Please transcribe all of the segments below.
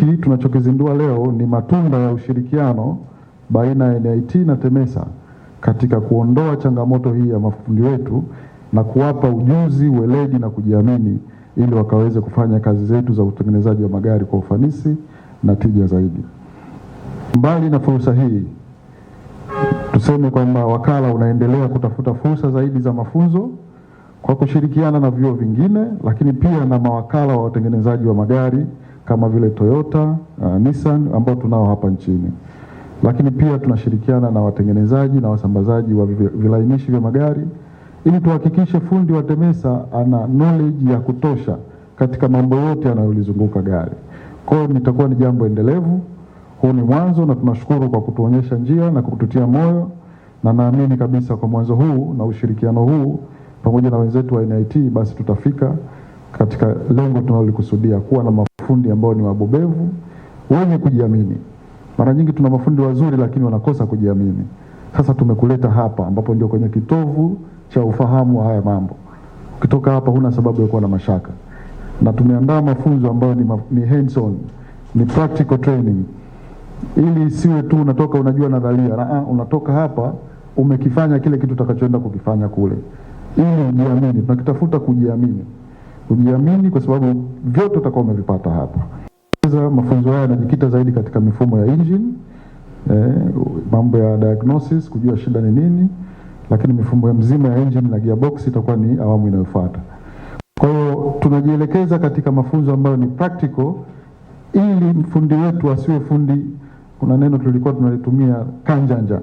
hiki tunachokizindua leo ni matunda ya ushirikiano baina ya NIT na TEMESA katika kuondoa changamoto hii ya mafundi wetu na kuwapa ujuzi, weledi na kujiamini ili wakaweze kufanya kazi zetu za utengenezaji wa magari kwa ufanisi na tija zaidi. Mbali na fursa hii, tuseme kwamba wakala unaendelea kutafuta fursa zaidi za mafunzo kwa kushirikiana na vyuo vingine, lakini pia na mawakala wa watengenezaji wa magari kama vile Toyota, uh, Nissan ambao tunao hapa nchini, lakini pia tunashirikiana na watengenezaji na wasambazaji wa vilainishi vya magari ili tuhakikishe fundi wa TEMESA ana knowledge ya kutosha katika mambo yote yanayolizunguka gari. Kwa hiyo nitakuwa ni jambo endelevu. Huu ni mwanzo, na tunashukuru kwa kutuonyesha njia na kututia moyo, na naamini kabisa kwa mwanzo huu na ushirikiano huu pamoja na wenzetu wa NIT, basi tutafika katika lengo tunalolikusudia kuwa na fundi ambao ni wabobevu wenye kujiamini. Mara nyingi tuna mafundi wazuri lakini wanakosa kujiamini. Sasa tumekuleta hapa ambapo ndio kwenye kitovu cha ufahamu wa haya mambo. Ukitoka hapa huna sababu ya kuwa na mashaka, na tumeandaa mafunzo ambayo ni, ma ni hands on, ni practical training, ili siwe tu unatoka unajua nadharia na, uh, unatoka hapa umekifanya kile kitu utakachoenda kukifanya kule, ili ujiamini. Tunakitafuta kujiamini ujiamini, kwa sababu vyote utakuwa umevipata hapa. Mafunzo haya yanajikita zaidi katika mifumo ya engine, eh, mambo ya diagnosis, kujua shida ni nini, lakini mifumo ya mzima ya engine na gearbox itakuwa ni awamu inayofuata. Kwa hiyo tunajielekeza katika mafunzo ambayo ni practical, ili mfundi wetu asiwe fundi. Kuna neno tulikuwa tunalitumia kanjanja.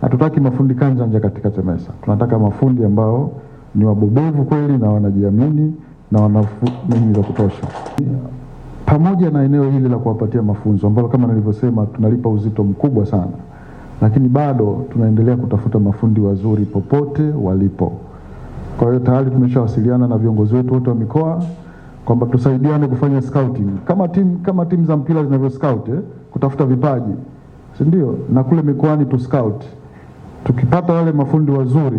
Hatutaki mafundi kanjanja katika TEMESA, tunataka mafundi ambao ni wabobevu kweli na wanajiamini na wanafunzi za kutosha, pamoja na eneo hili la kuwapatia mafunzo ambalo kama nilivyosema tunalipa uzito mkubwa sana, lakini bado tunaendelea kutafuta mafundi wazuri popote walipo. Kwa hiyo tayari tumeshawasiliana na viongozi wetu wote wa mikoa kwamba tusaidiane kufanya scouting kama timu kama timu za mpira zinavyo scout eh, kutafuta vipaji, si ndio? Na kule mikoani tu scout, tukipata wale mafundi wazuri,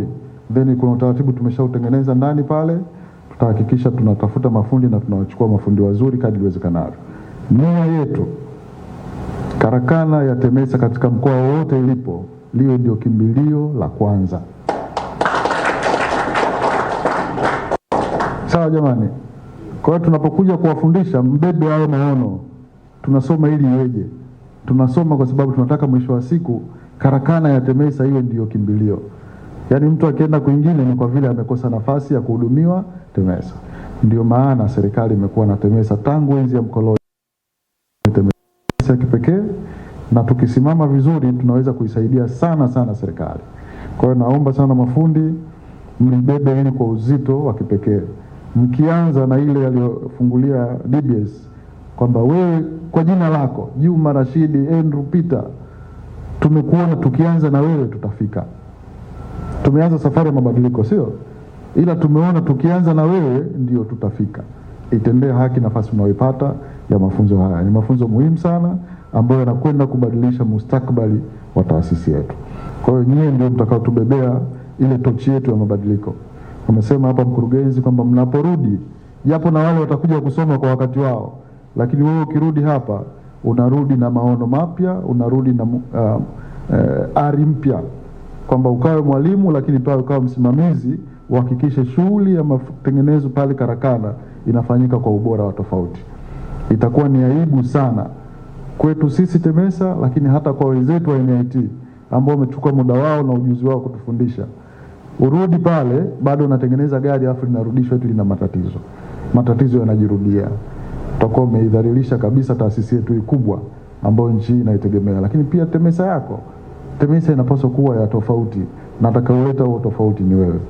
then kuna utaratibu tumeshautengeneza ndani pale tutahakikisha tunatafuta mafundi na tunawachukua mafundi wazuri kadri iwezekanavyo. Nia yetu karakana ya TEMESA katika mkoa wote ilipo, liyo ndio kimbilio la kwanza. Sawa jamani. Kwa hiyo tunapokuja kuwafundisha, mbebe hayo maono, tunasoma ili iweje? Tunasoma kwa sababu tunataka mwisho wa siku karakana ya TEMESA iwe ndiyo kimbilio. Yaani mtu akienda kwingine ni kwa vile amekosa nafasi ya kuhudumiwa TEMESA. Ndio maana serikali imekuwa na TEMESA tangu enzi ya mkoloni, TEMESA ya kipekee, na tukisimama vizuri tunaweza kuisaidia sana sana serikali. Kwa hiyo naomba sana mafundi mlibebe hili kwa uzito wa kipekee, mkianza na ile aliyofungulia DBS kwamba wewe kwa jina lako Juma Rashidi Andrew Peter, tumekuona tukianza na wewe tutafika. Tumeanza safari ya mabadiliko, sio? Ila tumeona tukianza na wewe ndio tutafika. Itendee haki nafasi unayoipata ya mafunzo haya. Ni mafunzo muhimu sana ambayo yanakwenda kubadilisha mustakabali wa taasisi yetu. Kwa hiyo nyie ndio mtakaotubebea ile tochi yetu ya mabadiliko. Umesema hapa mkurugenzi, kwamba mnaporudi, japo na wale watakuja kusoma kwa wakati wao, lakini wewe ukirudi hapa unarudi na maono mapya, unarudi na uh, uh, ari mpya kwamba ukawe mwalimu lakini pia ukawe msimamizi, uhakikishe shughuli ya matengenezo pale karakana inafanyika kwa ubora wa tofauti. Itakuwa ni aibu sana kwetu sisi TEMESA, lakini hata kwa wenzetu wa NIT ambao wamechukua muda wao na ujuzi wao kutufundisha. Urudi pale bado unatengeneza gari afu linarudishwa eti lina matatizo, matatizo yanajirudia. Utakuwa umeidhalilisha kabisa taasisi yetu hii kubwa ambayo nchi inaitegemea, lakini pia TEMESA yako. TEMISA inapaswa kuwa ya tofauti na atakayoleta huo tofauti ni wewe.